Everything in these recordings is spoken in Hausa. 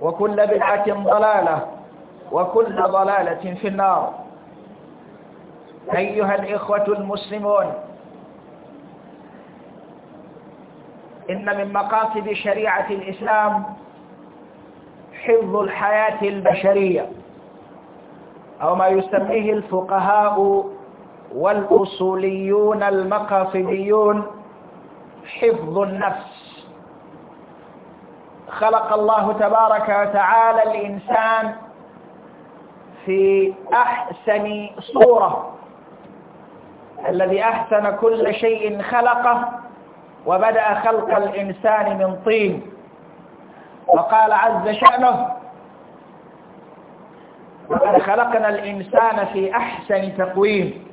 وكل بدعة ضلالة وكل ضلالة في النار أيها الإخوة المسلمون إن من مقاصد شريعة الإسلام حفظ الحياة البشرية أو ما يسميه الفقهاء والأصوليون المقاصديون حفظ النفس خلق الله تبارك وتعالى الإنسان في أحسن صورة الذي أحسن كل شيء خلقه وبدأ خلق الإنسان من طين وقال عز شأنه وقد خلقنا الإنسان في أحسن تقويم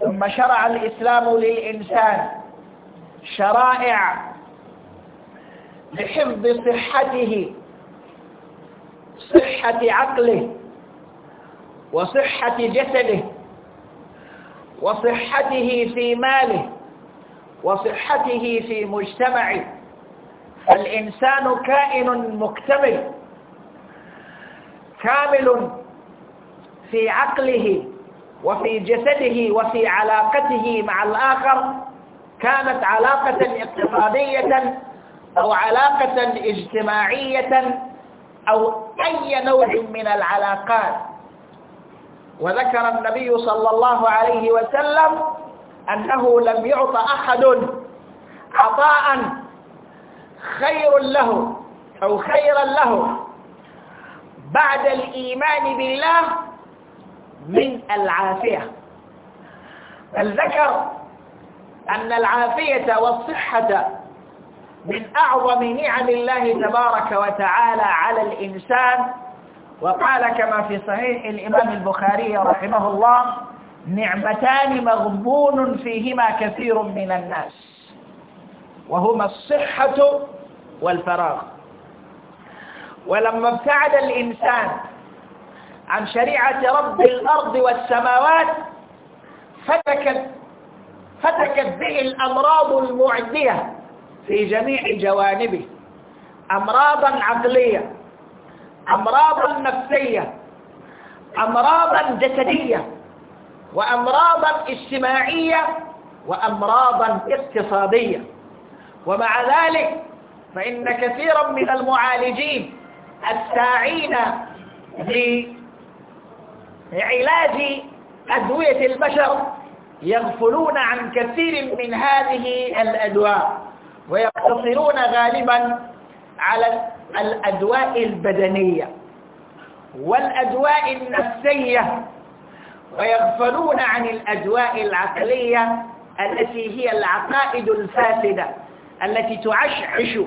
ثم شرع الإسلام للإنسان شرائع لحفظ صحته صحة عقله وصحة جسده وصحته في ماله وصحته في مجتمعه الإنسان كائن مكتمل كامل في عقله وفي جسده وفي علاقته مع الآخر كانت علاقة اقتصادية أو علاقة اجتماعية أو أي نوع من العلاقات وذكر النبي صلى الله عليه وسلم أنه لم يعط أحد عطاء خير له أو خيرا له بعد الإيمان بالله من العافية بل ذكر أن العافية والصحة من أعظم نعم الله تبارك وتعالى على الإنسان وقال كما في صحيح الإمام البخاري رحمه الله نعمتان مغبون فيهما كثير من الناس وهما الصحة والفراغ ولما ابتعد الإنسان عن شريعة رب الأرض والسماوات فتكت فتكت به الأمراض المعدية في جميع جوانبه أمراضا عقلية أمراضا نفسية أمراضا جسدية وأمراضا اجتماعية وأمراضا اقتصادية ومع ذلك فإن كثيرا من المعالجين الساعين لعلاج أدوية البشر يغفلون عن كثير من هذه الأدواء ويقتصرون غالبا على الأدواء البدنية والأدواء النفسية ويغفلون عن الأدواء العقلية التي هي العقائد الفاسدة التي تعشعش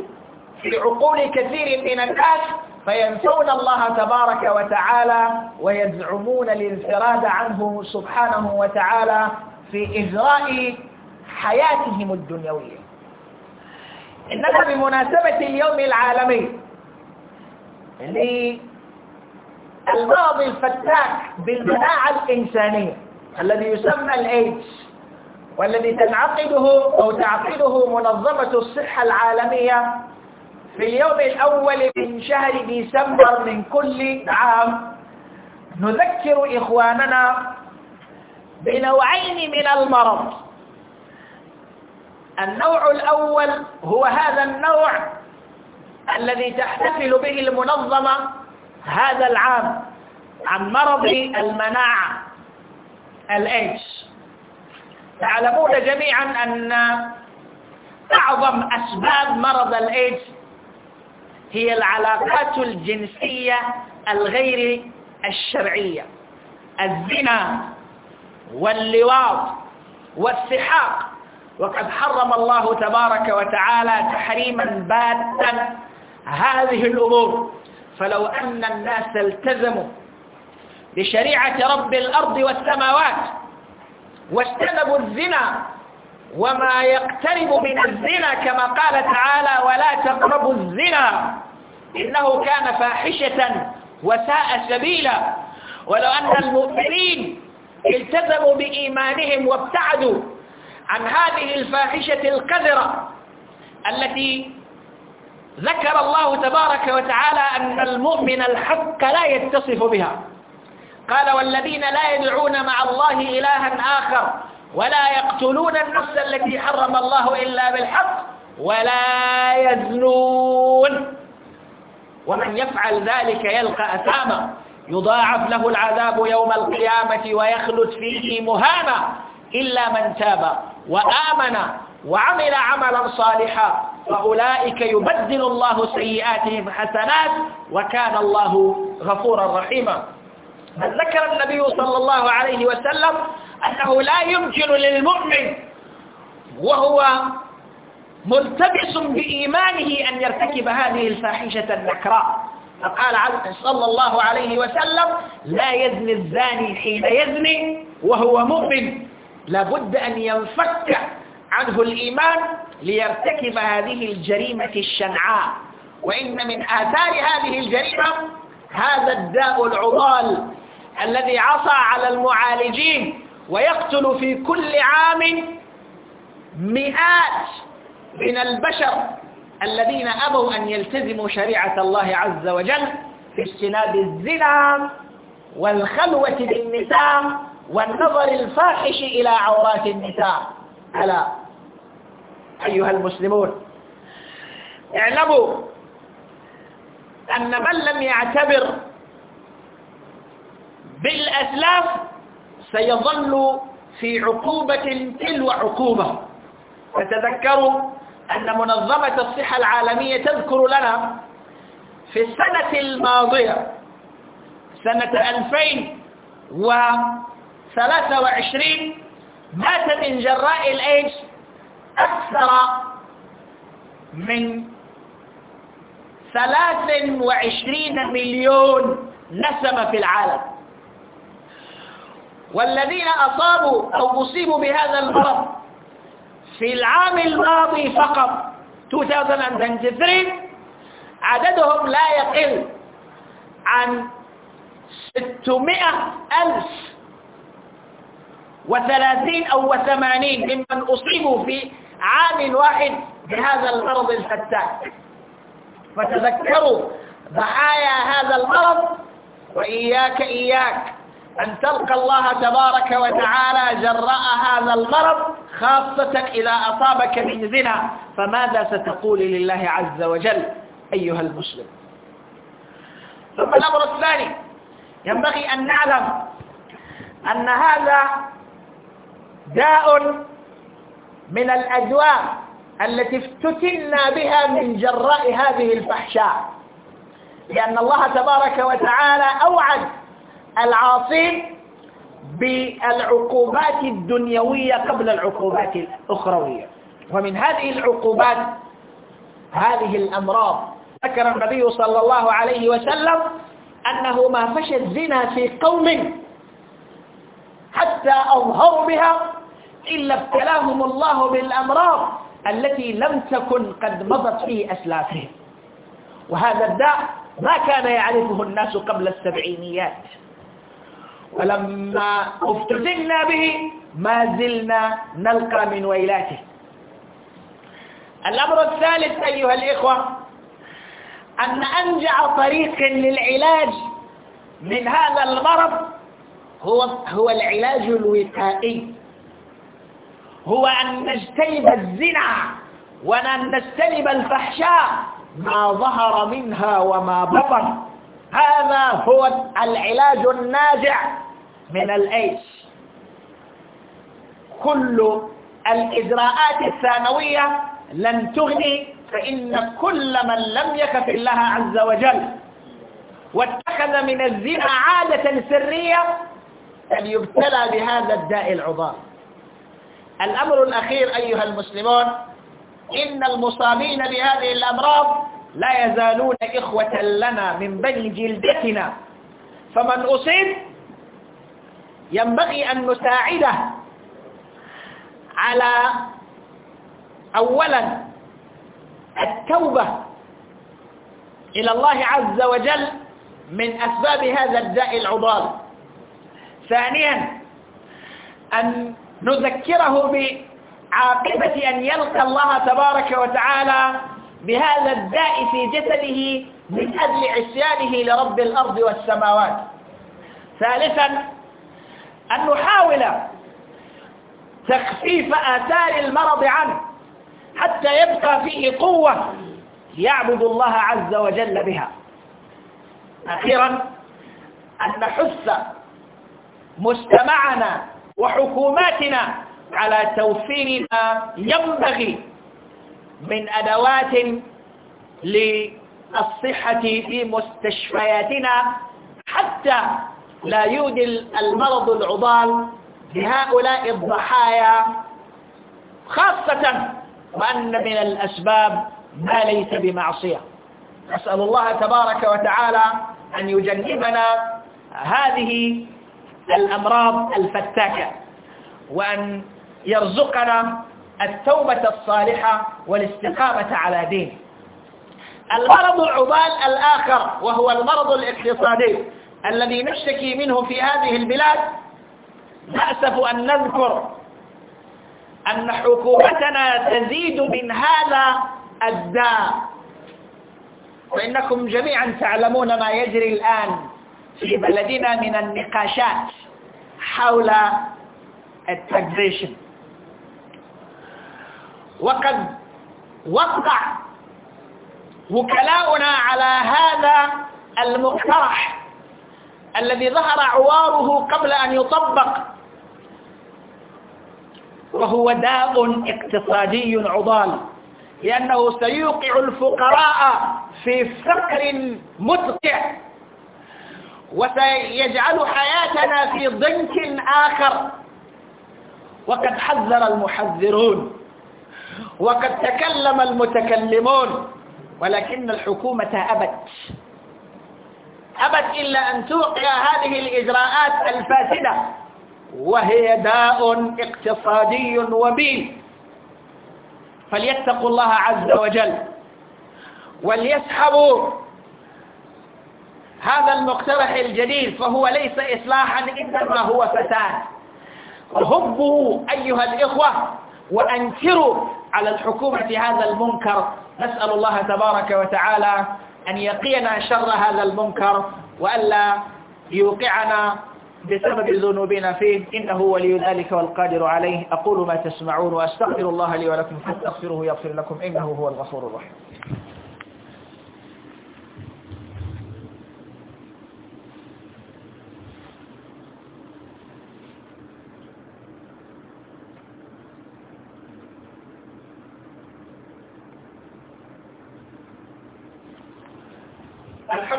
في عقول كثير من الناس فينسون الله تبارك وتعالى ويزعمون الانفراد عنه سبحانه وتعالى في إجراء حياتهم الدنيوية إنها بمناسبة اليوم العالمي للمرض الفتاك بالمناعة الإنسانية الذي يسمى الإيدز والذي تنعقده أو تعقده منظمة الصحة العالمية في اليوم الأول من شهر ديسمبر من كل عام نذكر إخواننا بنوعين من المرض النوع الأول هو هذا النوع الذي تحتفل به المنظمة هذا العام عن مرض المناعة الإيدز تعلمون جميعا أن أعظم أسباب مرض الإيدز هي العلاقات الجنسية الغير الشرعية الزنا واللواط والسحاق وقد حرم الله تبارك وتعالى تحريما باتا هذه الأمور فلو أن الناس التزموا بشريعة رب الأرض والسماوات واجتنبوا الزنا وما يقترب من الزنا كما قال تعالى ولا تقربوا الزنا إنه كان فاحشة وساء سبيلا ولو أن المؤمنين التزموا بإيمانهم وابتعدوا عن هذه الفاحشة القذرة التي ذكر الله تبارك وتعالى أن المؤمن الحق لا يتصف بها قال والذين لا يدعون مع الله إلها آخر ولا يقتلون النفس التي حرم الله إلا بالحق ولا يزنون ومن يفعل ذلك يلقى أثاما يضاعف له العذاب يوم القيامة ويخلد فيه مهانا إلا من تاب وآمن وعمل عملا صالحا فأولئك يبدل الله سيئاتهم حسنات وكان الله غفورا رحيما بل ذكر النبي صلى الله عليه وسلم أنه لا يمكن للمؤمن وهو ملتبس بإيمانه أن يرتكب هذه الفاحشة النكراء فقال صلى الله عليه وسلم لا يزني الزاني حين يزني وهو مؤمن لابد أن ينفك عنه الإيمان ليرتكب هذه الجريمة الشنعاء وإن من آثار هذه الجريمة هذا الداء العضال الذي عصى على المعالجين ويقتل في كل عام مئات من البشر الذين أبوا أن يلتزموا شريعة الله عز وجل في اجتناب الزنا والخلوة بالنساء والنظر الفاحش إلى عورات النساء على أيها المسلمون اعلموا أن من لم يعتبر بالأسلاف سيظل في عقوبة تلو عقوبة فتذكروا أن منظمة الصحة العالمية تذكر لنا في السنة الماضية سنة 2000 و وعشرين مات من جراء الإيش أكثر من 23 مليون نسمة في العالم والذين أصابوا أو أصيبوا بهذا المرض في العام الماضي فقط 2023 عددهم لا يقل عن 600 ألف وثلاثين أو وثمانين ممن أصيبوا في عام واحد بهذا المرض الفتاك فتذكروا ضحايا هذا المرض وإياك إياك أن تلقى الله تبارك وتعالى جراء هذا المرض خاصة إذا أصابك من زنا فماذا ستقول لله عز وجل أيها المسلم ثم الأمر الثاني ينبغي أن نعلم أن هذا داء من الأدواء التي افتتنا بها من جراء هذه الفحشاء لأن الله تبارك وتعالى أوعد العاصين بالعقوبات الدنيوية قبل العقوبات الأخروية ومن هذه العقوبات هذه الأمراض ذكر النبي صلى الله عليه وسلم أنه ما فشى الزنا في قوم حتى أظهروا بها إلا ابتلاهم الله بالأمراض التي لم تكن قد مضت في أسلافهم وهذا الداء ما كان يعرفه الناس قبل السبعينيات ولما افتتنا به ما زلنا نلقى من ويلاته الأمر الثالث أيها الإخوة أن أنجع طريق للعلاج من هذا المرض هو هو العلاج الوقائي هو أن نجتنب الزنا وأن نجتنب الفحشاء ما ظهر منها وما بطن هذا هو العلاج الناجع من الأيش كل الإجراءات الثانوية لن تغني فإن كل من لم يكف الله عز وجل واتخذ من الزنا عادة سرية أن يبتلى بهذا الداء العظام الأمر الأخير أيها المسلمون إن المصابين بهذه الأمراض لا يزالون إخوة لنا من بني جلدتنا فمن أصيب ينبغي أن نساعده على أولا التوبة إلى الله عز وجل من أسباب هذا الداء العضال ثانيا أن نذكره بعاقبة أن يلقى الله تبارك وتعالى بهذا الداء في جسده من أجل عصيانه لرب الأرض والسماوات ثالثا أن نحاول تخفيف آثار المرض عنه حتى يبقى فيه قوة يعبد الله عز وجل بها أخيرا أن نحث مجتمعنا وحكوماتنا على توفير ما ينبغي من أدوات للصحة في مستشفياتنا حتى لا يودي المرض العضال لهؤلاء الضحايا خاصة وأن من الأسباب ما ليس بمعصية أسأل الله تبارك وتعالى أن يجنبنا هذه الأمراض الفتاكة وأن يرزقنا التوبة الصالحة والاستقامة على دينه المرض العبال الآخر وهو المرض الاقتصادي الذي نشتكي منه في هذه البلاد نأسف أن نذكر أن حكومتنا تزيد من هذا الداء وإنكم جميعا تعلمون ما يجري الآن في بلدنا من النقاشات حول التجريشن وقد وقع وكلاؤنا على هذا المقترح الذي ظهر عواره قبل أن يطبق وهو داء اقتصادي عضال لأنه سيوقع الفقراء في فقر مدقع وسيجعل حياتنا في ضنك آخر وقد حذر المحذرون وقد تكلم المتكلمون ولكن الحكومة أبت أبت إلا أن توقع هذه الإجراءات الفاسدة وهي داء اقتصادي وبيل فليتقوا الله عز وجل وليسحبوا هذا المقترح الجديد فهو ليس إصلاحا إنما هو فساد هبوا أيها الإخوة وأنكروا على الحكومة هذا المنكر نسأل الله تبارك وتعالى أن يقينا شر هذا المنكر وألا يوقعنا بسبب ذنوبنا فيه إنه ولي ذلك والقادر عليه أقول ما تسمعون وأستغفر الله لي ولكم فاستغفروه يغفر لكم إنه هو الغفور الرحيم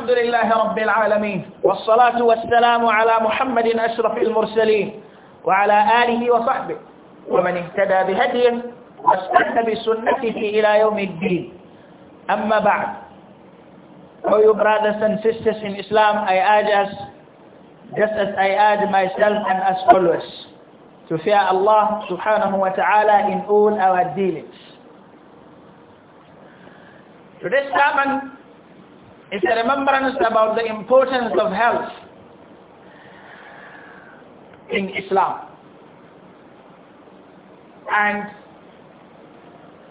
الحمد لله رب العالمين والصلاة والسلام على محمد أشرف المرسلين وعلى آله وصحبه ومن اهتدى بهديه واستنى بسنته إلى يوم الدين أما بعد أو يبرادس انسيسس in Islam I urge us just as I urge myself and us followers to fear Allah subhanahu wa ta'ala in all our dealings Today's sermon It's a remembrance about the importance of health in Islam. And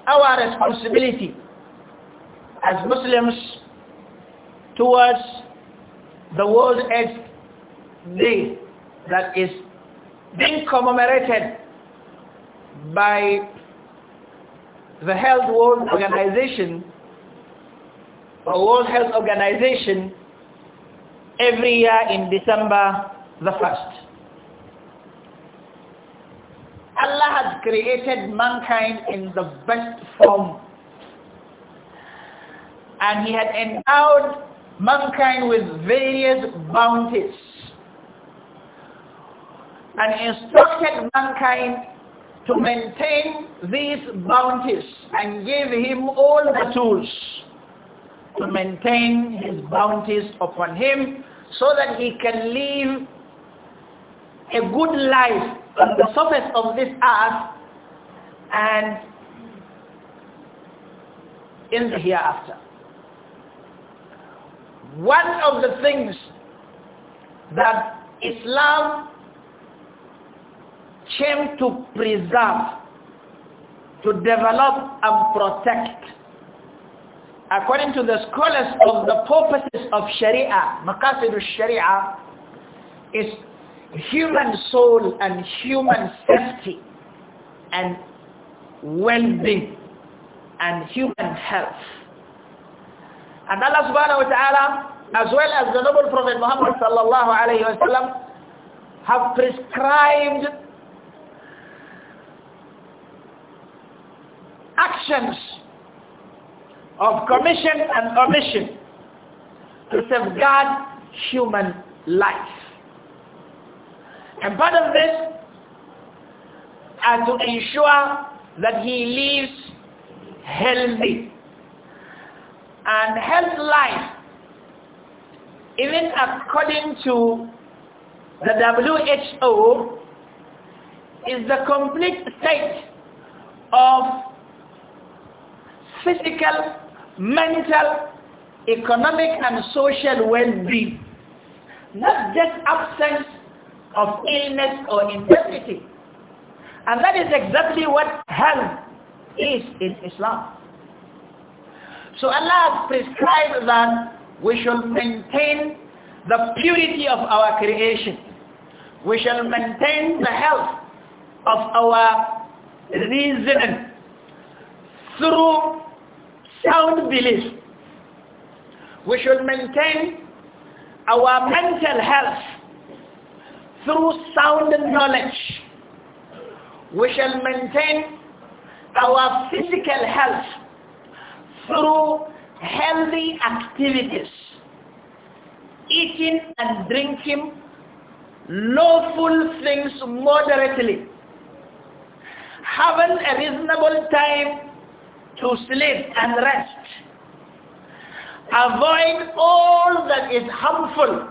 our responsibility as Muslims towards the World AIDS Day that is being commemorated by the Health World Organization or World Health Organization every year in December the 1st. Allah has created mankind in the best form and he had endowed mankind with various bounties and instructed mankind to maintain these bounties and give him all the tools to maintain his bounties upon him so that he can live a good life on the surface of this earth and in the hereafter. One of the things that Islam came to preserve, to develop and protect according to the scholars of the purposes of Sharia, maqasid al-Sharia, is human soul and human safety and well-being and human health. And Allah subhanahu wa ta'ala, as well as the noble Prophet Muhammad sallallahu alayhi wa sallam, have prescribed actions of commission and omission to safeguard human life. And part of this and to ensure that he lives healthy. And health life, even according to the WHO, is the complete state of physical mental, economic and social well-being, not just absence of illness or infirmity. And that is exactly what health is in Islam. So Allah has prescribed that we shall maintain the purity of our creation. We shall maintain the health of our reason through sound belief. We should maintain our mental health through sound knowledge. We shall maintain our physical health through healthy activities, eating and drinking lawful things moderately, having a reasonable time to sleep and rest. Avoid all that is harmful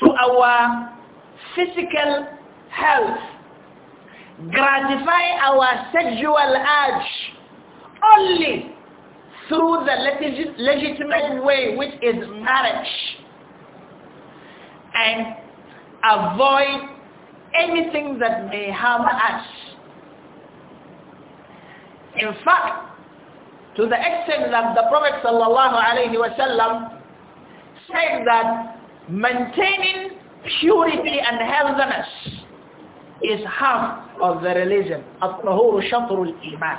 to our physical health. Gratify our sexual urge only through the legit legitimate way which is marriage. And avoid anything that may harm us in fact, to the extent that the Prophet sallallahu alaihi wasallam said that maintaining purity and healthiness is half of the religion. الطهور شطر الإيمان.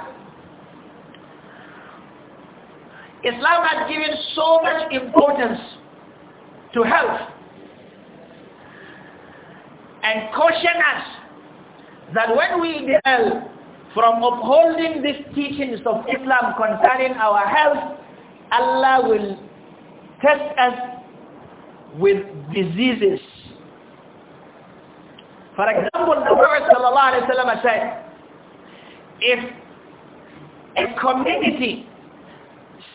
Islam has given so much importance to health and caution us that when we dwell from upholding these teachings of Islam concerning our health, Allah will test us with diseases. For example, the Prophet "Allah said, if a community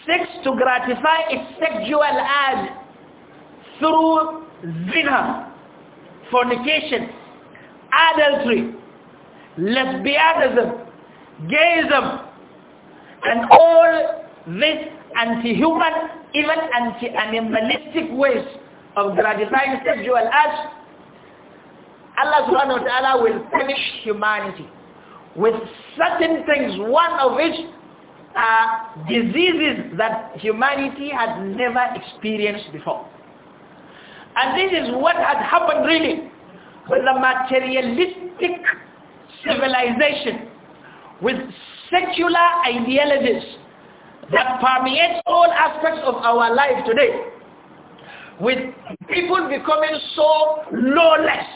seeks to gratify its sexual urge through zina, fornication, adultery, lesbianism, gayism, and all this anti-human, even anti-animalistic ways of gratifying sexual urge, Allah subhanahu wa ta'ala will punish humanity with certain things, one of which are diseases that humanity had never experienced before. And this is what had happened really with the materialistic civilization with secular ideologies that permeates all aspects of our life today, with people becoming so lawless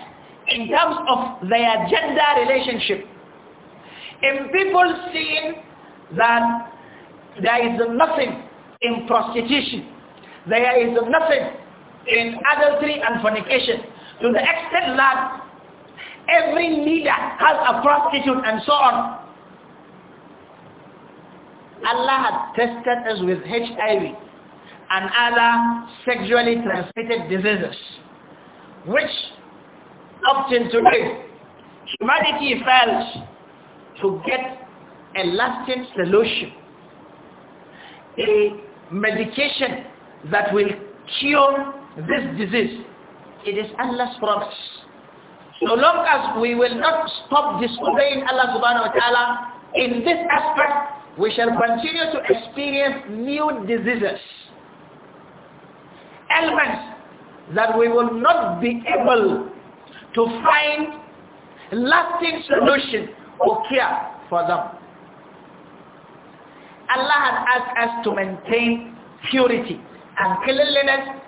in terms of their gender relationship, in people seeing that there is nothing in prostitution, there is nothing in adultery and fornication, to the extent that every leader has a prostitute and so on, Allah had tested us with HIV and other sexually transmitted diseases, which up today, humanity fails to get a lasting solution, a medication that will cure this disease. It is Allah's promise. So long as we will not stop disobeying Allah subhanahu wa ta'ala in this aspect, we shall continue to experience new diseases, ailments that we will not be able to find lasting solution or cure for them. Allah has asked us to maintain purity and cleanliness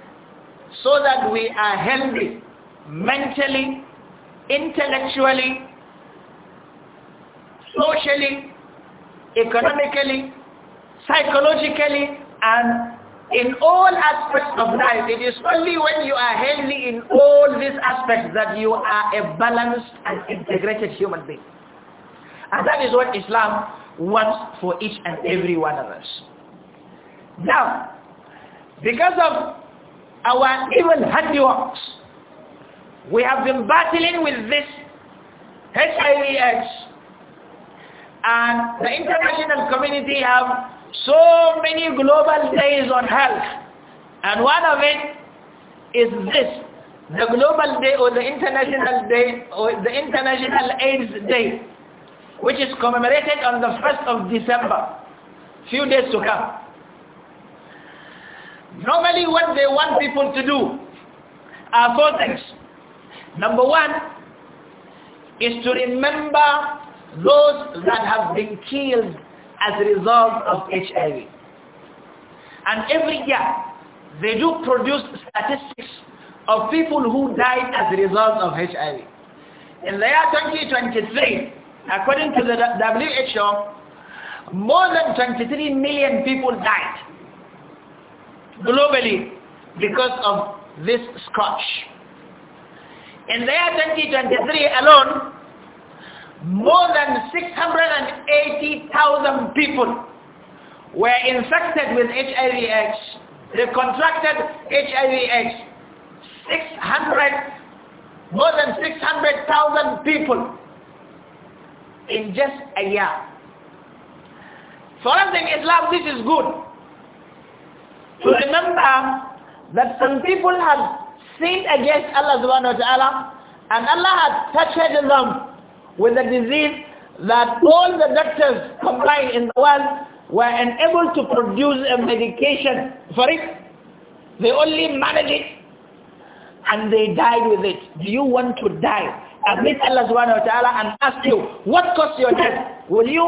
so that we are healthy mentally, intellectually, socially, economically, psychologically, and in all aspects of life. It is only when you are healthy in all these aspects that you are a balanced and integrated human being. And that is what Islam wants for each and every one of us. Now, because of our evil handiworks, we have been battling with this HIV AIDS and the international community have so many global days on health. And one of it is this, the global day or the international day or the international AIDS day, which is commemorated on the 1st of December, few days to come. Normally what they want people to do are four things. Number one is to remember those that have been killed as a result of HIV. And every year, they do produce statistics of people who died as a result of HIV. In the year 2023, according to the WHO, more than 23 million people died globally because of this scourge. In the year 2023 alone, more than 680,000 people were infected with hiv They contracted hiv 600, more than 600,000 people in just a year. For us in Islam, this is good. To remember that some people have sinned against Allah subhanahu wa ta'ala and Allah has touched them with a disease that all the doctors combined in the world were unable to produce a medication for it. They only managed it and they died with it. Do you want to die? Admit Allah subhanahu wa ta'ala and ask you, what caused your death? Will you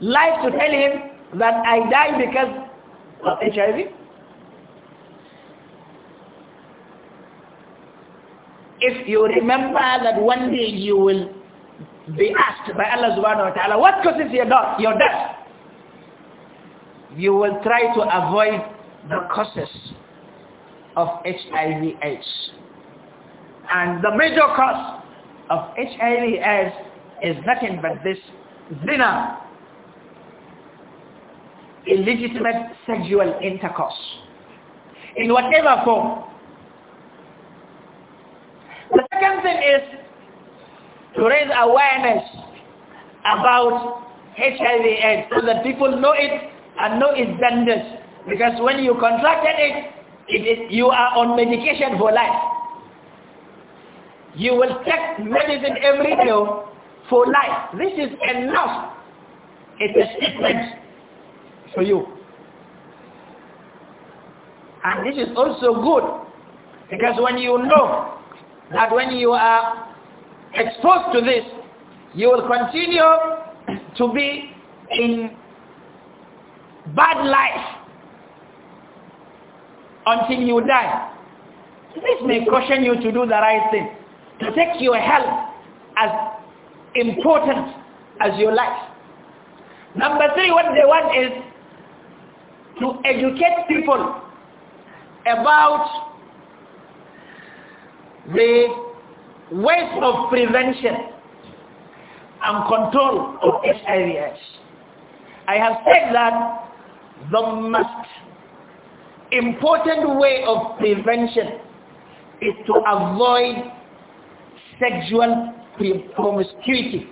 lie to tell him that I died because of HIV? If you remember that one day you will be asked by Allah subhanahu wa ta'ala what causes your death your death you will try to avoid the causes of HIV AIDS and the major cause of HIV AIDS is nothing but this zina illegitimate sexual intercourse in whatever form the second thing is to raise awareness about HIV AIDS so that people know it and know its dangers. Because when you contracted it, it is, you are on medication for life. You will take medicine every day for life. This is enough. It is a treatment for you. And this is also good because when you know that when you are exposed to this, you will continue to be in bad life until you die. This may caution you to do the right thing, to take your health as important as your life. Number three, what they want is to educate people about the ways of prevention and control of HIV I have said that the most important way of prevention is to avoid sexual promiscuity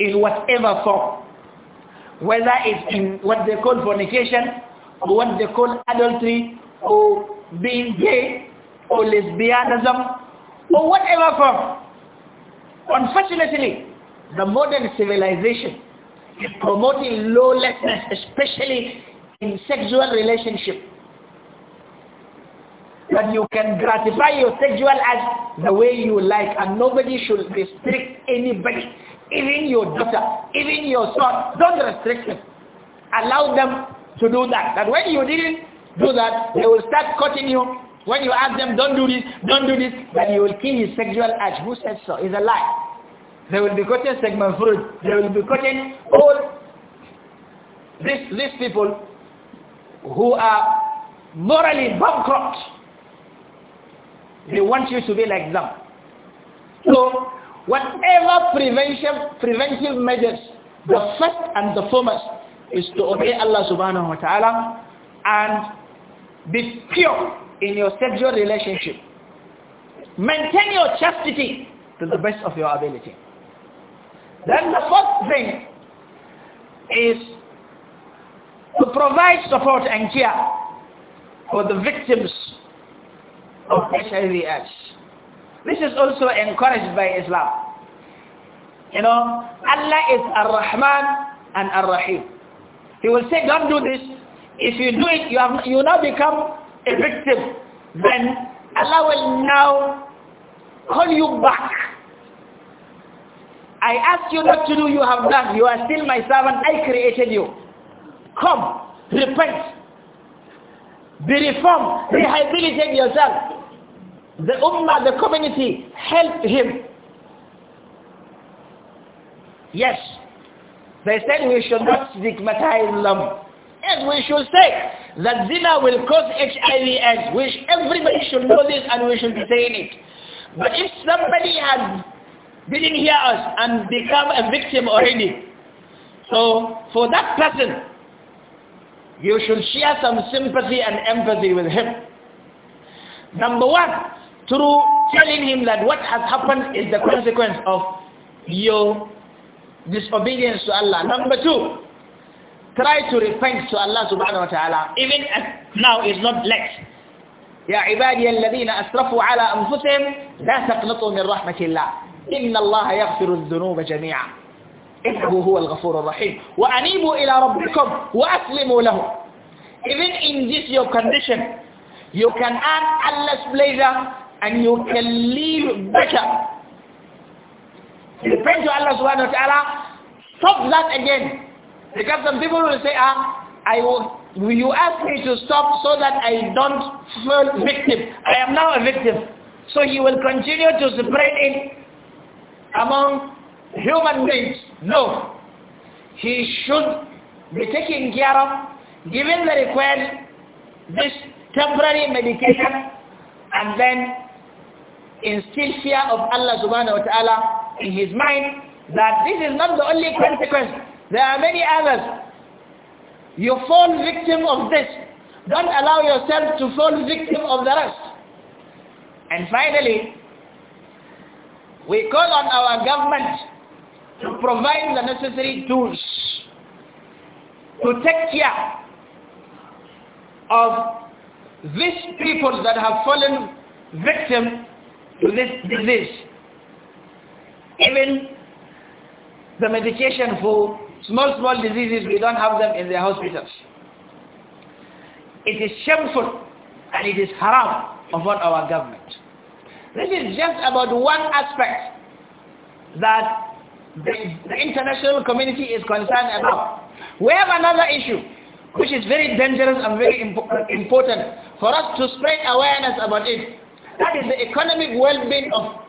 in whatever form, whether it's in what they call fornication, or what they call adultery, or being gay, or lesbianism, or whatever form. Unfortunately, the modern civilization is promoting lawlessness, especially in sexual relationship. That you can gratify your sexual act the way you like and nobody should restrict anybody, even your daughter, even your son. Don't restrict them. Allow them to do that. That when you didn't do that, they will start cutting you when you ask them, don't do this, don't do this, then you will kill his sexual urge. Who said so? It's a lie. They will be quoting segment fruit. They will be quoting all these, these people who are morally bankrupt. They want you to be like them. So whatever prevention, preventive measures, the first and the foremost is to obey Allah subhanahu wa ta'ala and be pure in your sexual relationship. Maintain your chastity to the best of your ability. Then the fourth thing is to provide support and care for the victims of HIV AIDS. This is also encouraged by Islam. You know, Allah is Ar-Rahman and Ar-Rahim. He will say, don't do this. If you do it, you, have, you now become a victim. then Allah will now call you back. I ask you not to do you have done. You are still my servant. I created you. Come, repent. Be reformed. Rehabilitate yourself. The ummah, the community, help him. Yes. They said we should not stigmatize them. And we should say, that zina will cause HIV AIDS, which everybody should know this and we should be saying it. But if somebody has didn't hear us and become a victim already, so for that person, you should share some sympathy and empathy with him. Number one, through telling him that what has happened is the consequence of your disobedience to Allah. Number two, Try to repent to Allah subhanahu wa ta'ala. Even as now is not late. يا عبادي الذين أسرفوا على أنفسهم لا تقنطوا من رحمة الله إن الله يغفر الذنوب جميعا إنه هو الغفور الرحيم وأنيبوا إلى ربكم وأسلموا له Even in this your condition, you can earn Allah's pleasure and you can live better. Repent to Allah subhanahu wa ta'ala. Stop that again. Because some people will say, ah, I will, you ask me to stop so that I don't feel victim. I am now a victim. So he will continue to spread it among human beings. No. He should be taken care of, given the request, this temporary medication, and then instill fear of Allah subhanahu wa ta'ala in his mind that this is not the only consequence there are many others. You fall victim of this. Don't allow yourself to fall victim of the rest. And finally, we call on our government to provide the necessary tools to take care of these people that have fallen victim to this disease. Even the medication for Small, small diseases, we don't have them in their hospitals. It is shameful and it is haram upon our government. This is just about one aspect that the, the international community is concerned about. We have another issue which is very dangerous and very impo important for us to spread awareness about it. That is the economic well-being of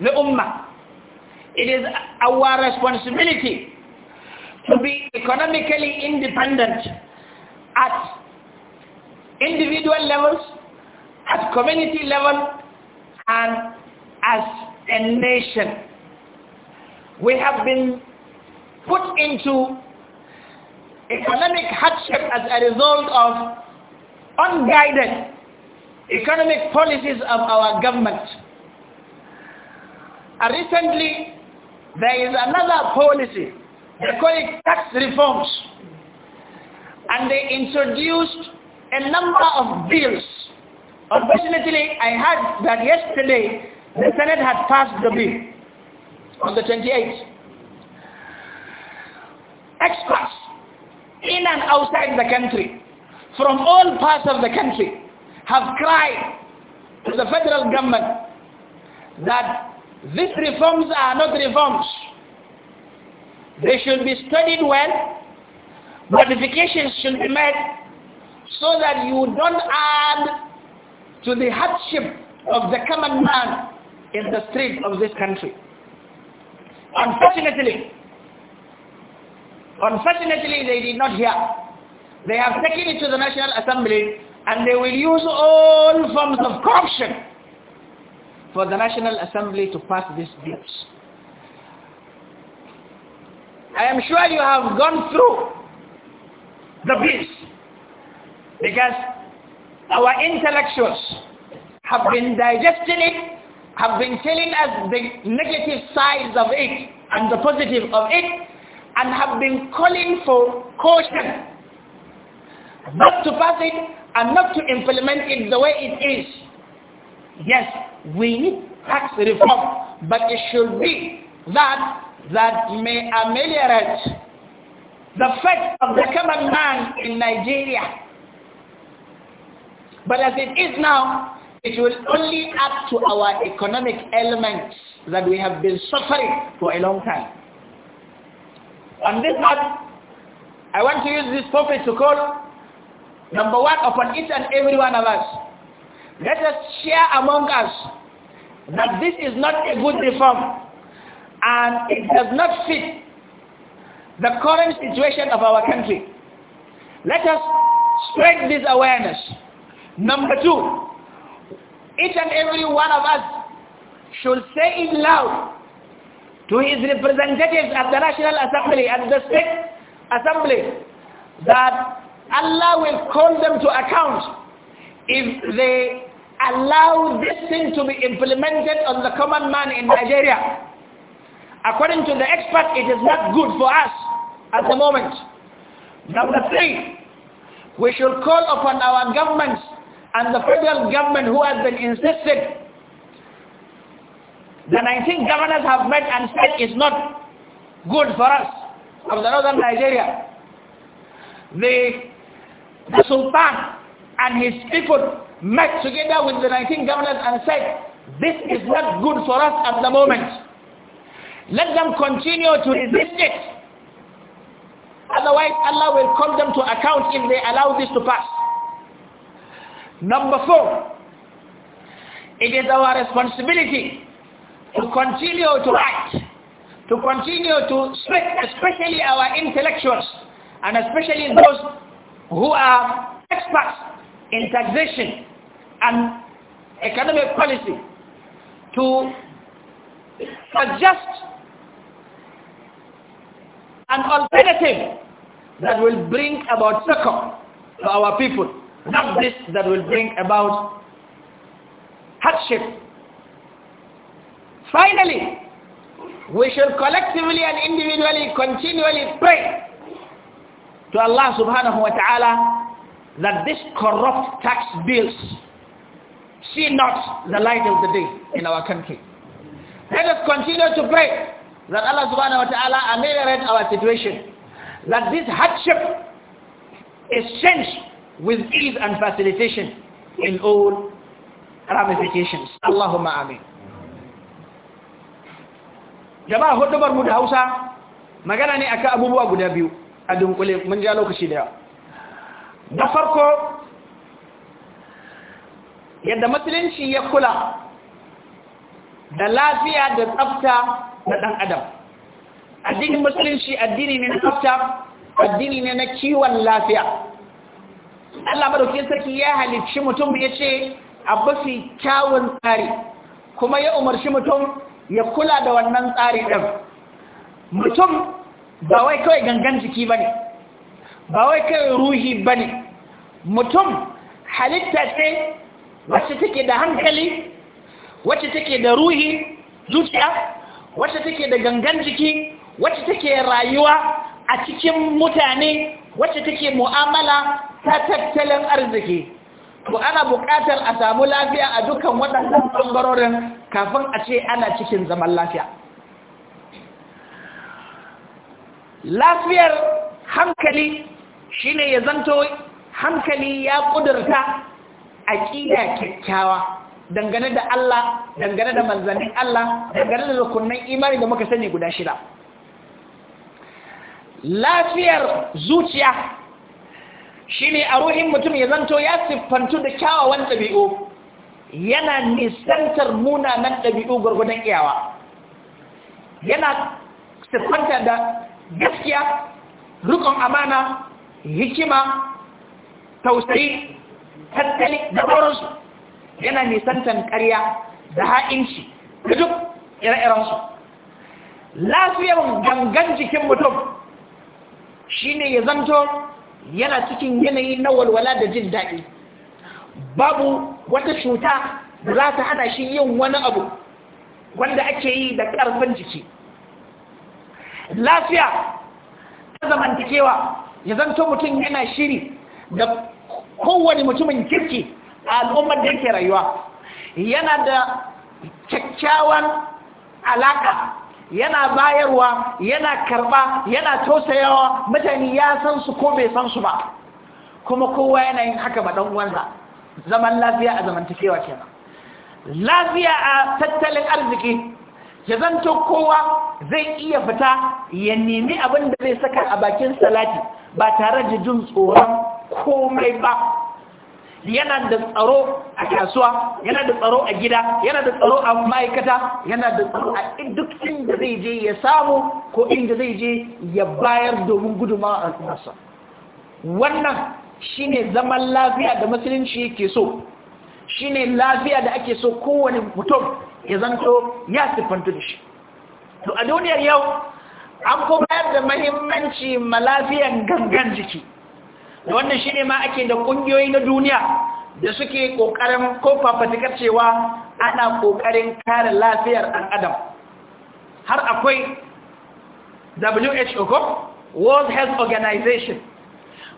the Ummah. It is our responsibility to be economically independent at individual levels, at community level, and as a nation. We have been put into economic hardship as a result of unguided economic policies of our government. Uh, recently, there is another policy they call it tax reforms. And they introduced a number of bills. Unfortunately, I heard that yesterday the Senate had passed the bill on the 28th. Experts in and outside the country, from all parts of the country, have cried to the federal government that these reforms are not reforms. They should be studied well. Modifications should be made so that you don't add to the hardship of the common man in the streets of this country. Unfortunately, unfortunately they did not hear. They have taken it to the National Assembly and they will use all forms of corruption for the National Assembly to pass these bills. I am sure you have gone through the bliss because our intellectuals have been digesting it, have been telling us the negative sides of it and the positive of it and have been calling for caution not to pass it and not to implement it the way it is. Yes, we need tax reform, but it should be that that may ameliorate the fate of the common man in Nigeria. But as it is now, it will only add to our economic elements that we have been suffering for a long time. On this note, I want to use this prophet to call number one upon each and every one of us. Let us share among us that this is not a good reform and it does not fit the current situation of our country. Let us spread this awareness. Number two, each and every one of us should say it loud to his representatives at the National Assembly, at the State Assembly, that Allah will call them to account if they allow this thing to be implemented on the common man in Nigeria. According to the expert, it is not good for us at the moment. Number three, we should call upon our governments and the federal government who has been insisted. The 19 governors have met and said it's not good for us of the northern Nigeria. The, the Sultan and his people met together with the 19 governors and said, this is not good for us at the moment. Let them continue to resist it. Otherwise, Allah will call them to account if they allow this to pass. Number four, it is our responsibility to continue to act, to continue to speak, especially our intellectuals, and especially those who are experts in taxation and economic policy, to suggest an alternative that will bring about succor to our people, not this that will bring about hardship. Finally, we shall collectively and individually continually pray to Allah subhanahu wa ta'ala that this corrupt tax bills see not the light of the day in our country. Let us continue to pray that Allah subhanahu wa ta'ala ameliorate our situation that this hardship is changed with ease and facilitation in all ramifications Allahumma amin jama'a hudubar mu da Hausa magana ne akan abubuwa guda biyu a dunkule mun ja lokaci da da farko yadda musulunci ya kula da lafiya da tsafta na ɗan adam addinin musulunci addini ne na tsafta addini ne na kiwon lafiya Allah madaukakin sarki ya halicci mutum ya ce a bafi kyawun tsari kuma ya umarci mutum ya kula da wannan tsari ɗin mutum ba wai kawai gangan jiki ba ne ba wai kawai ruhi ba ne mutum halitta ce wacce take da hankali wacce take da ruhi zuciya wacce take da gangan jiki wacce take rayuwa a cikin mutane wacce take mu'amala ta tattalin arziki Ko ana buƙatar a samu lafiya a dukkan waɗannan ɓangarorin kafin a ce ana cikin zaman lafiya lafiyar hankali shine ya zanto hankali ya ƙudurta aƙida kyakkyawa dangane da Allah dangane da manzannin Allah dangane da rukunin imani da muka sani guda shida lafiyar zuciya shine a ruhin mutum ya zanto ya siffantu da kyawawan ɗabi'u yana nisantar munanan ɗabi'u gwargwadon iyawa yana siffanta da gaskiya rukun amana hikima tausayi tattali da sauransu yana nisantan ƙarya da ha'inci da duk ire-irensu lafiyar gangan jikin mutum ne ya zanto yana cikin yanayi na walwala da jin daɗi babu wata cuta da za ta hana shi yin wani abu wanda ake yi da ƙarfin jiki lafiya ta zamantakewa ya zanto mutum yana shiri da kowane mutumin kirki al'ummar da yake rayuwa yana da kyakkyawan alaka yana bayarwa yana karba yana tausayawa mutane ya san su ko bai san su ba kuma kowa yana yin haka ba dan uwansa zaman lafiya a zamantakewa kenan lafiya a tattalin arziki ya zanto kowa zai iya fita ya nemi abin da zai saka a bakin salati ba tare da jin tsoron komai ba yana da tsaro a kasuwa yana da tsaro a gida yana da tsaro a ma'aikata yana da tsaro a duk inda zai je ya samu ko inda zai je ya bayar domin guduma a nasa wannan shine zaman lafiya da musulunci yake so shine lafiya da ake so kowane mutum ya zanto ya siffanta da shi to a duniyar yau an ko bayar da mahimmanci ma lafiyan gangan jiki da wannan shine ma ake da ƙungiyoyi na duniya da suke ƙoƙarin ko fafatikar cewa ana ƙoƙarin kare lafiyar ɗan adam har akwai WHO ko World Health Organization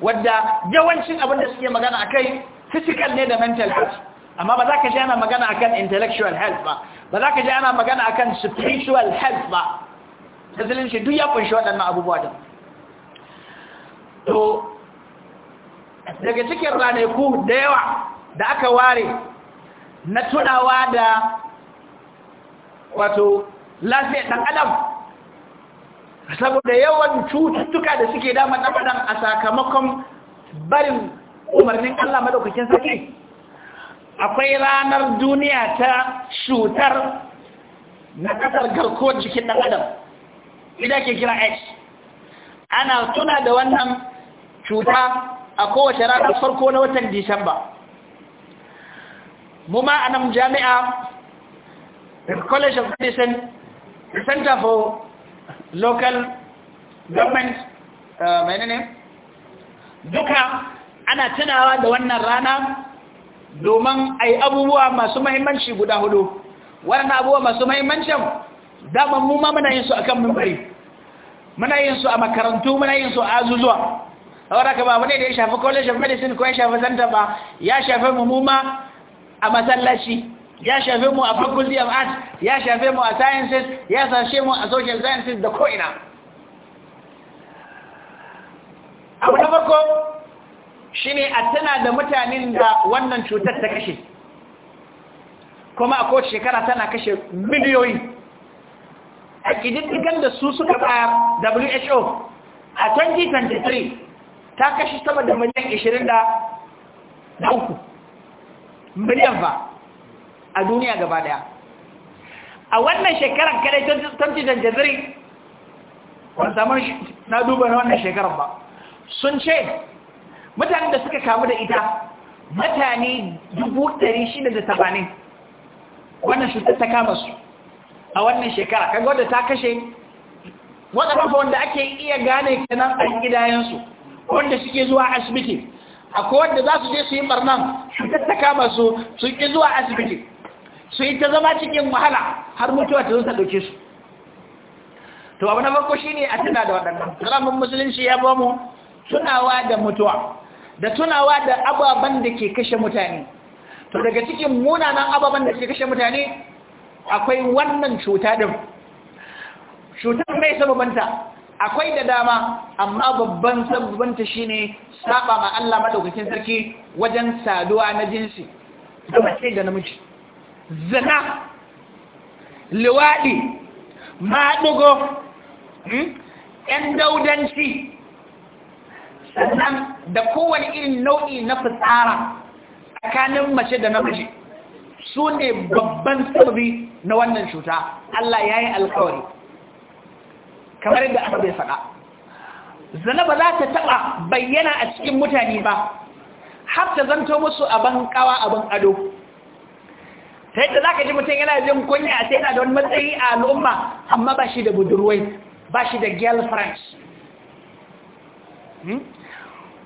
wadda yawancin abin da suke magana akai physical ne da mental health amma ba za ka ji ana magana akan intellectual health ba ba za ka ji ana magana akan spiritual health ba tasirin shi duk ya kunshi waɗannan abubuwa da to daga cikin ranaku da yawa da aka ware na tunawa da wato lafiyar ɗan adam saboda yawan cututtuka da suke damar ɗan a sakamakon barin umarnin Allah madaukakin sarki akwai ranar duniya ta cutar na ƙasar garkuwar jikin ɗan adam idan ke kira x ana tuna da wannan cuta a kowace ranar farko na watan disamba mu ma a nan jami'a college of medicine center for local government uh, mai ne duka ana tunawa da wannan rana domin a yi abubuwa masu mahimmanci guda hudu Wannan abubuwa masu mahimmancin damar mu ma muna yin su a kan mimbari muna yin su a makarantu muna yin su a azuzuwa saboda ka ba ne da ya shafi college of medicine ko ya shafi santa ba ya shafi mu muma a masallaci ya shafi mu a faculty of arts ya shafi mu a sciences ya sashe mu a social sciences da ko'ina abu na farko shi ne a tana da mutanen da wannan cutar ta kashe kuma a kowace shekara tana kashe miliyoyi a ƙididdigan da su suka bayar who a 2023 ta kashi sama da miliyan 23 miliyan ba a duniya gaba daya a wannan shekarar kadai 2023 wani samun na duba na wannan shekarar ba sun ce mutane da suka kamu da ita mutane 680 wannan shi ta kama su a wannan shekara kaga wadda ta kashe kafa wanda ake iya gane kenan a gidayensu wanda suke zuwa asibiti akwai wanda za su je su yi barnan su tattaka masu su yi zuwa asibiti su yi ta zama cikin wahala har mutuwa ta zo ta su to abu na farko shine a tuna da waɗannan karamin musulunci ya ba mu tunawa da mutuwa da tunawa da ababen da ke kashe mutane to daga cikin munanan ababen da ke kashe mutane akwai wannan cuta din cutar mai sababanta akwai da dama amma babban sabbanta shine saba ma Allah madaukakin sarki wajen saduwa na jinsi da mace da namiji zina liwaɗi maɗugo hmm, ‘yan daudanci sannan da kowane irin nau'i na fitsara tsakanin mace da namiji su ne babban sababi na wannan cuta Allah ya yi alkawari kamar yadda aka bai saka zana ba za ta taɓa bayyana a cikin mutane ba har ta zanto musu abin kawa abin ado ta yadda za ka ji mutum yana jin kunya a sai yana da wani matsayi a al'umma amma ba shi da budurwai ba shi da girlfriends hmm?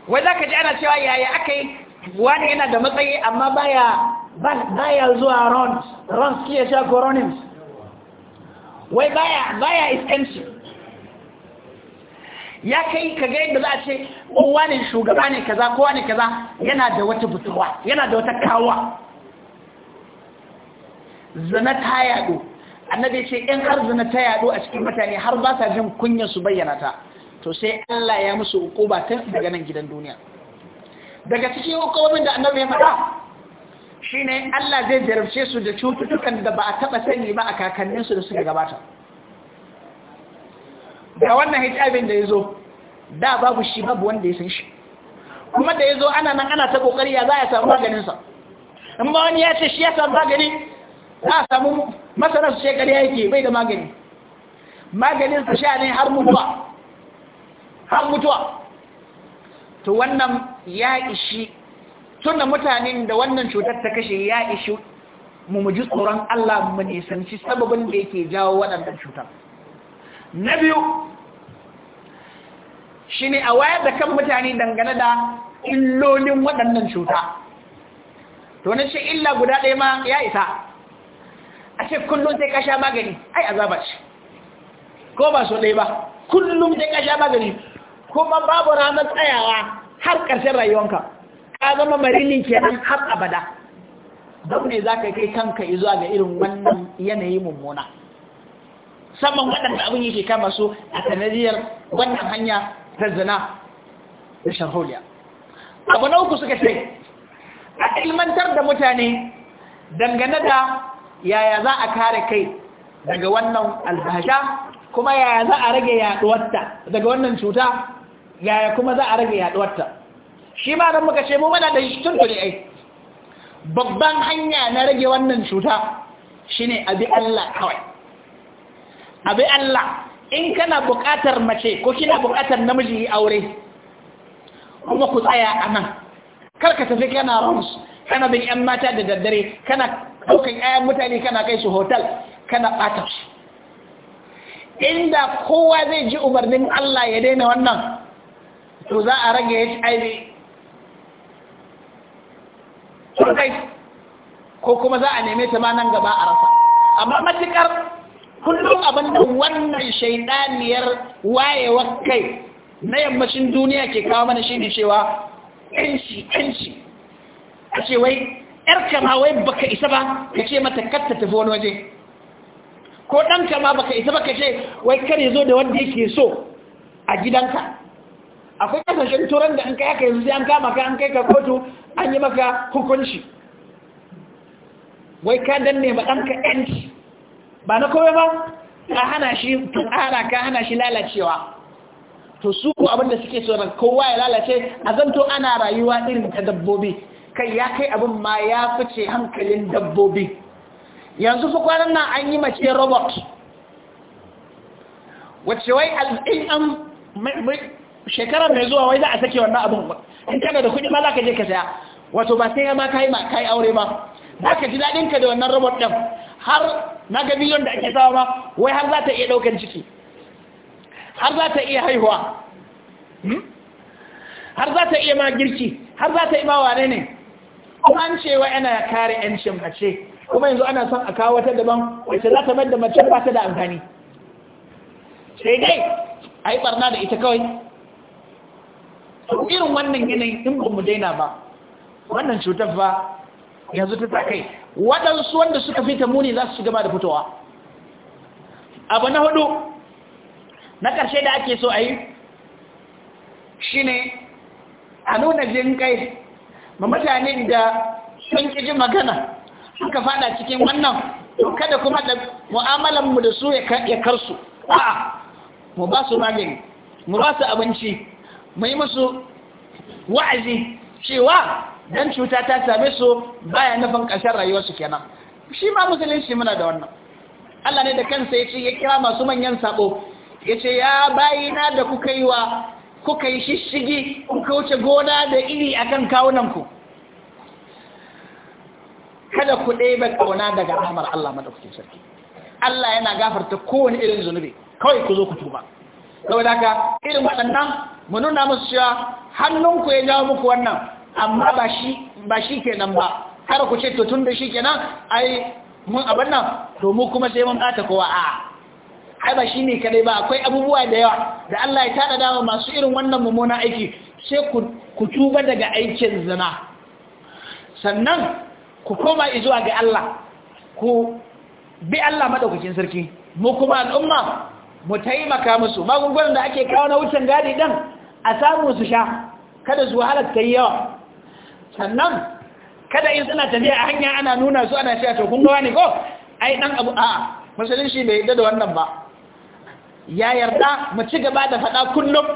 wai za ka ji ana cewa yaya aka yi wani yana da matsayi amma ba ya zuwa runs runs ya sha coronins wai ba ya iskensu ya kai ka ga yadda za a ce kowa oh, ne shugaba ne kaza kowa ne kaza yana da wata butuwa yana da wata kawa zana ta yado annabi ce in har zana ta yado a cikin mutane har ba sa jin kunyar su bayyana ta to sai Allah ya musu hukuma ta daga nan gidan duniya daga cikin hukumomin da annabi ya faɗa shine Allah zai jarabce su da cututtukan da ba a taɓa sani ba a kakanninsu da suka gabata ga wannan HIV da ya zo da babu shi babu wanda ya san shi kuma da ya zo ana nan ana ta kokari ya za a samu maganinsa in ba wani ya ce shi ya samu magani za a samu masana su shekari yake bai da magani maganinsa sha ne har mutuwa har mutuwa to wannan ya ishi tun mutanen da wannan cutar ta kashe ya ishi mu ji tsoron Allah mu nisanci sababin da yake jawo waɗannan cutar na biyu shine a wayar da kan mutane dangane da illolin waɗannan cuta to na ce illa guda ɗaya ma ya isa a ce kullum sai kasha magani ai azaba ce ko ba so ɗaya ba kullum sai kasha magani kuma babu ranar tsayawa har ƙarshen rayuwanka ka zama marilin kenan har abada don ne za ka kai kanka izuwa ga irin wannan yanayi mummuna saman waɗanda abin yake kama su a sanadiyar wannan hanya ta zina da sharholiya abu na uku suka ce a ilmantar da mutane dangane da yaya za a kare kai daga wannan albasha kuma yaya za a rage yaduwarta daga wannan cuta yaya kuma za a rage yaduwarta shi ma don muka ce mu mana da shi tun ai babban hanya na rage wannan cuta shine abi Allah kawai abi Allah in kana buƙatar mace ko kina buƙatar namiji yi aure kuma ku tsaya a nan kar tafi kana rams kana bin yan mata da daddare kana ɗaukan 'ya'yan mutane kana kai su hotel kana ɓata su inda kowa zai ji umarnin Allah ya daina wannan to za a rage HIV sosai ko kuma za a neme ta ma nan gaba a rasa amma matukar kullum abin da wannan shaidaniyar wayewar kai na yammacin duniya ke kawo mana shi ne cewa yanci yanci a ce wai yar kama wai baka isa ba ka ce mata katta tafi wani waje ko ɗan kama baka isa ba ka ce wai kare zo da wanda yake so a gidanka akwai kasashen turan da an kai aka yanzu sai an kama ka an kai ka kotu an yi maka hukunci wai ka danne ma ɗanka yanci ba na kome ba ka hana shi tsara ka hana shi lalacewa to su ku abin da suke so kowa ya lalace a zanto ana rayuwa irin ta dabbobi kai ya kai abin ma ya fice hankalin dabbobi yanzu fi kwanan nan an yi mace robot wacce wai al'in an shekarar mai zuwa wai za a sake wannan abin ba in kana da kudi ma za ka je ka saya wato ba sai ma ka yi aure ba za ka ji daɗinka da wannan robot ɗin har na ga miliyon da ake sawa ma wai har za ta iya ɗaukan ciki har za ta iya haihuwa hmm? har za ta iya ma girki har za ta iya wane ne kuma an cewa yana kare 'yancin mace kuma yanzu ana son a kawo wata daban wacce za ta da mace ba ta da amfani sai dai a yi barna da ita kawai irin wannan yanayin in ba mu daina ba wannan cutar ba yanzu ta kai waɗansu wanda suka fita muni za su gama da fitowa abu na hudu na ƙarshe da ake so a yi shi ne a nuna jin kai ma mutane da sun ƙiji magana suka fada cikin wannan kada kuma da mu'amalanmu da su ya karsu a'a mu ba su magani mu ba su abinci mu yi musu wa'azi cewa dan cuta ta same su baya nufin ƙarshen rayuwarsu kenan shi ma musulunci muna da wannan Allah ne da kansa ya ce ya kira masu manyan sabo ya ce ya bayina da kuka yi wa kuka yi shishigi kuka wuce gona da iri akan kawunanku kada ku ɗebe ƙauna daga rahamar Allah madaukakin sarki Allah yana gafarta kowane irin zunubi kawai ku zo ku tuba saboda haka irin waɗannan mu nuna musu cewa hannunku ya jawo muku wannan amma ba shi ba shi kenan ba kada ku ce to tun da shi kenan ai mun abin nan to kuma sai mun bata kowa a ai ba shi ne kadai ba akwai abubuwa da yawa da Allah ya tada dama masu irin wannan mummuna aiki sai ku ku tuba daga aikin zina sannan ku koma zuwa ga Allah ku bi Allah madaukakin sarki mu kuma al'umma mu taimaka musu magungunan da ake kawo na wucin gadi din a samu su sha kada su halatta yawa sannan kada in suna tafiya a hanya ana nuna su ana cewa to kun gawa ne ko ai dan abu a musulunci bai yarda da wannan ba ya yarda mu ci gaba da faɗa kullum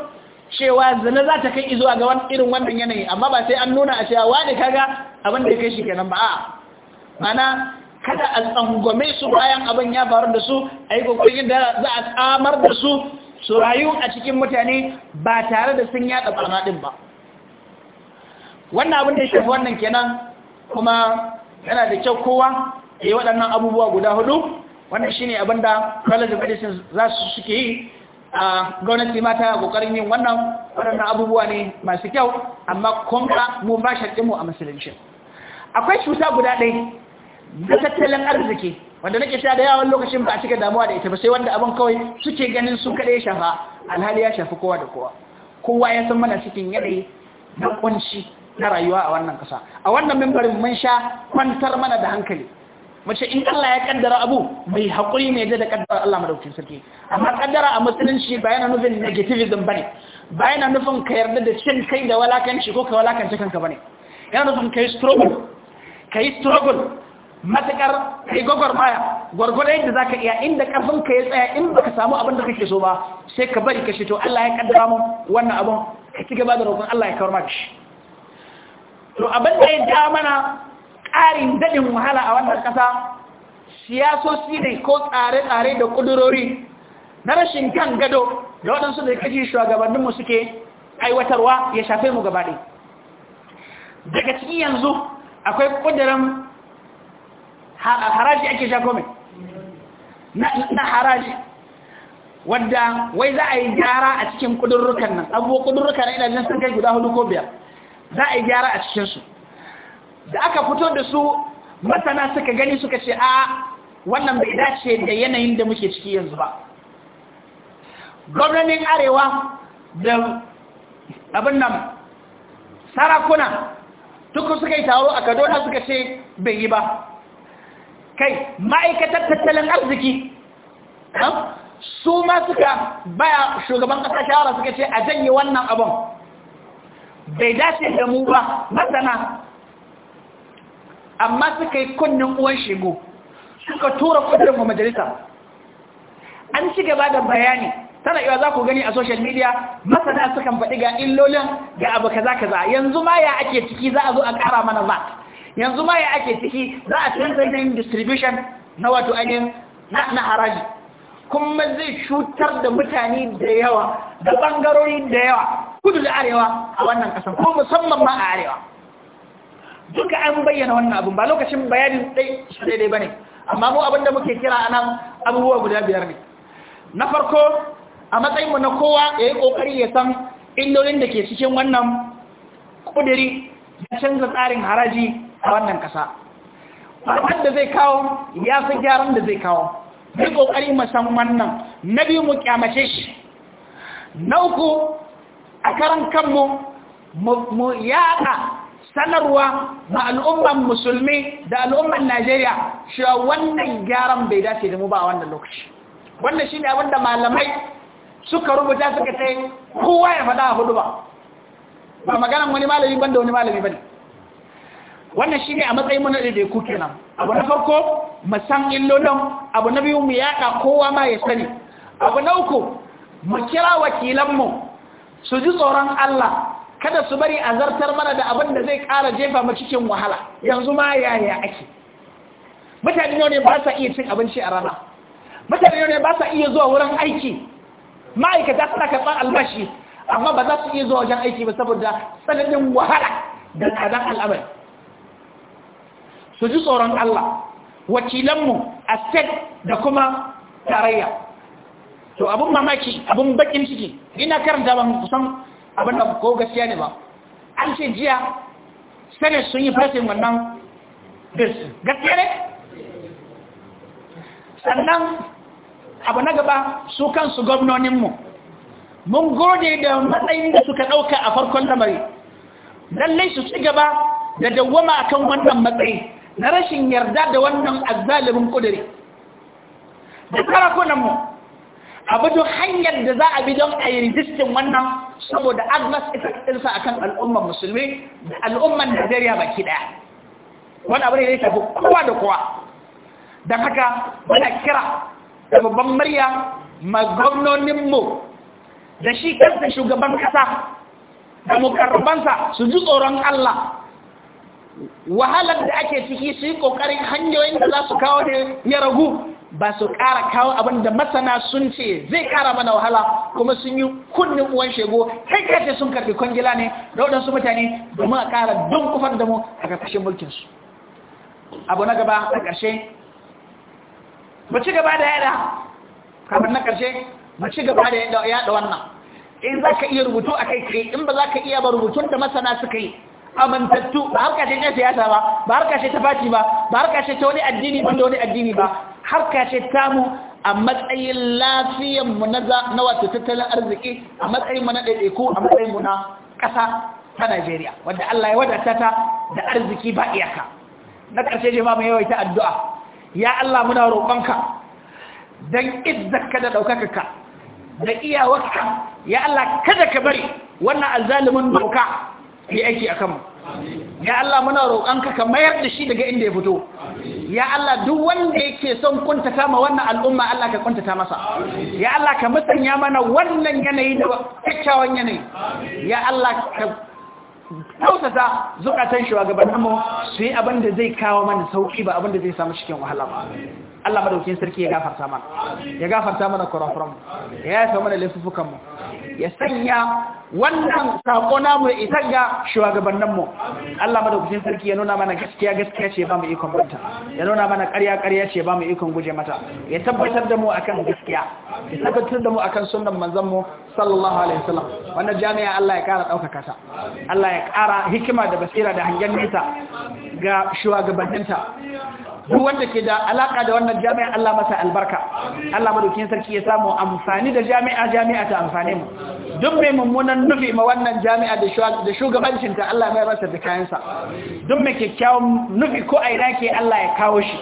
cewa zina za ta kai zuwa ga irin wannan yanayi amma ba sai an nuna a cewa wani kaga abin da ya kai shi kenan ba a mana kada a tsangwame su bayan abin ya faru da su a yi kokarin da za a tsamar da su su rayu a cikin mutane ba tare da sun yaɗa barna ɗin ba wannan abin da ya shafi wannan kenan kuma yana da kyau kowa ya yi waɗannan abubuwa guda hudu wannan shine abin da college of medicine za su suke yi a gwamnati mata kokarin yin wannan waɗannan abubuwa ne masu kyau amma kuma mu ba mu a musulunci akwai cuta guda ɗaya da tattalin arziki wanda nake sha da yawan lokacin ba a cika damuwa da ita ba sai wanda abin kawai suke ganin su kaɗai shafa alhali ya shafi kowa da kowa kowa ya san mana cikin yaɗa na kunci na rayuwa a wannan ƙasa a wannan mimbarin mun sha kwantar mana da hankali mace in Allah ya kaddara abu mai haƙuri mai da kaddara Allah madaukakin sarki amma kaddara a musulunci ba yana nufin negativism bane ba yana nufin ka yarda da cin kai da walakanci ko ka walakanci kanka bane yana nufin kai struggle kai struggle matakar kai maya gwargwada yadda za ka iya inda ƙarfin ka ya tsaya in ba ka samu abin da kake so ba sai ka bari ka shi to Allah ya kaddara mu wannan abun ka ci gaba da roƙon Allah ya kawar maka shi to abin da ya ja mana ƙarin daɗin wahala a wannan ƙasa siyasosi ne ko tsare-tsare da ƙudurori na rashin kan gado da waɗansu da kashi shugabanninmu suke aiwatarwa ya shafe mu gabaɗe daga cikin yanzu akwai ƙudurin haraji ake shago mai na haraji wadda wai za a yi gyara a cikin ƙudurrukan nan abubuwa ƙudurrukan na sun kai guda hudu ko biyar za a yi gyara a cikinsu da aka fito da su masana suka gani suka ce a wannan bai dace da yanayin da muke ciki yanzu ba gwamnanin arewa da abin nan sarakuna duk suka yi taro a kaduna suka ce bai yi ba kai ma'aikatar tattalin arziki su ma suka baya shugaban ƙasar shawara suka ce a janye wannan abin bai dace da mu ba masana amma suka yi kunnen uwan shigo suka tura kudin wa majalisa an ci gaba da bayani tana iya za ku gani a social media masana sukan faɗi ga illolin ga abu kaza kaza yanzu ma ya ake ciki za a zo a ƙara mana ba yanzu ma ya ake ciki za a canza distribution na wato ainihin na haraji kuma zai cutar da mutane da yawa da ɓangarori da yawa kudu da arewa a wannan kasan ko musamman ma a arewa duka an bayyana wannan abin ba lokacin bayanin dai ba daidai bane amma mu abinda muke kira anan abubuwa guda biyar ne na farko a matsayin mu na kowa yayi kokari ya san illolin da ke cikin wannan kudiri da canza tsarin haraji a wannan kasa wannan da zai kawo ya fi gyaran da zai kawo yi kokari mu san wannan na biyu mu kyamace shi na uku a karan kanmu mu yaƙa sanarwa ma al'umman musulmi da al'umman Najeriya cewa wannan gyaran bai dace da mu ba a wannan lokaci. Wannan shi ne abin da malamai suka rubuta suka ce kowa ya faɗa a hudu ba. Ba maganan wani malami banda wani malami ba ne. Wannan shi ne a matsayin mu na ku kenan. Abu na farko, mu san illolin, abu na biyu mu yaƙa kowa ma ya sani. Abu na uku, mu kira wakilanmu su ji tsoron Allah kada su bari a zartar mana da abin da zai ƙara jefa ma cikin wahala yanzu ma yaya ake mutane yau ne ba sa iya cin abinci a rana mutane yau ne ba sa iya zuwa wurin aiki ma'aikata suna karɓar albashi amma ba za su iya zuwa wajen aiki ba saboda tsananin wahala da tsadan al'amari su ji tsoron Allah wakilanmu a da kuma tarayya to abun mamaki abun bakin ciki ina karanta ban kusan abin da ko gaskiya ne ba an ce jiya senate sun yi fasin wannan gaskiya ne sannan abu na gaba su kansu gwamnoninmu mun gode da matsayin da suka ɗauka a farkon lamari lallai su ci gaba da dawwama akan wannan matsayi na rashin yarda da wannan azalimin kudiri da mu. abu duk hanyar da za a bi don a yi rijistin wannan saboda agnes ita ɗinsa a kan al'ummar musulmi da al'ummar najeriya baki ɗaya wani abu ne zai tafi kowa da kowa don haka wani kira da babban murya ma gwamnoninmu da shi kansa shugaban ƙasa da mukarrabansa su ji tsoron allah wahalar da ake ciki su yi ƙoƙarin hanyoyin da za su kawo ne ya ragu ba su ƙara kawo abin da masana sun ce zai ƙara mana wahala kuma sun yi kunnin uwan shego kai kace sun karfi kwangila ne da waɗansu mutane domin a ƙara don kufar da mu a ƙarƙashin mulkinsu abu na gaba a ƙarshe mu ci gaba da yada kafin na ƙarshe mu ci gaba da yada wannan in za ka iya rubutu a kai kai in ba za ka iya ba rubutun da masana suka yi amintattu ba harka ce ta siyasa ba ba harka ta faci ba ba harka ta wani addini ban da wani addini ba Har ce tamu a matsayin lafiyanmu na wato tattalin arziki a matsayinmu na ɗaiɗaiku a matsayinmu na ƙasa ta Najeriya wadda Allah ya wadata ta da arziki ba iyaka na ƙarshe je ma mu yawaita addu'a ya Allah muna roƙonka don izzaka da ɗaukakaka da iyawarka ya Allah kada ka bari wannan alzalimin doka ya aiki a kanmu. ya Allah muna roƙonka ka mayar da shi daga inda ya fito ya Allah duk wanda yake son kuntata ma wannan al'umma Allah ka kuntata masa ya Allah ka musanya mana wannan yanayi da kyakkyawan yanayi ya Allah ka tausasa zukatan shugabanninmu su yi abin da zai kawo mana sauki ba abin da zai samu cikin wahala ba Allah madaukakin sarki ya gafarta mana ya gafarta mana kurafuran mu ya yafa mana laifukan mu ya sanya wannan sako namu ita ga shugabannin mu Allah madaukakin sarki ya nuna mana gaskiya gaskiya ce ba mu ikon banta ya nuna mana ƙarya ƙarya ce ba mu ikon guje mata ya tabbatar da mu akan gaskiya ya tabbatar da mu akan sunnan manzon mu sallallahu alaihi wasallam wannan jami'a Allah ya ƙara ɗaukaka ta Allah ya ƙara hikima da basira da hangen nisa ga shugabanninta duk wanda ke da alaka da wannan jami'a Allah masa albarka Allah madaukin sarki ya samu amfani da jami'a jami'a ta amfane mu duk mai mummunan nufi ma wannan jami'a da shugabancin ta Allah mai masa da kayansa duk mai kyakkyawan nufi ko aina ke Allah ya kawo shi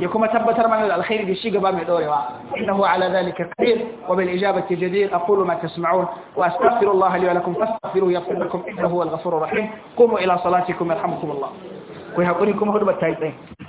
ya kuma tabbatar mana da alkhairi da shi gaba mai dorewa innahu ala zalika qadir wa bil ijabati jadir aqulu ma tasma'un wa astaghfirullaha li wa lakum fastaghfiruhu yaghfir lakum innahu huwal ghafurur rahim qumu ila salatikum yarhamukumullah ku hakuri kuma hudu ba ta yi tsaye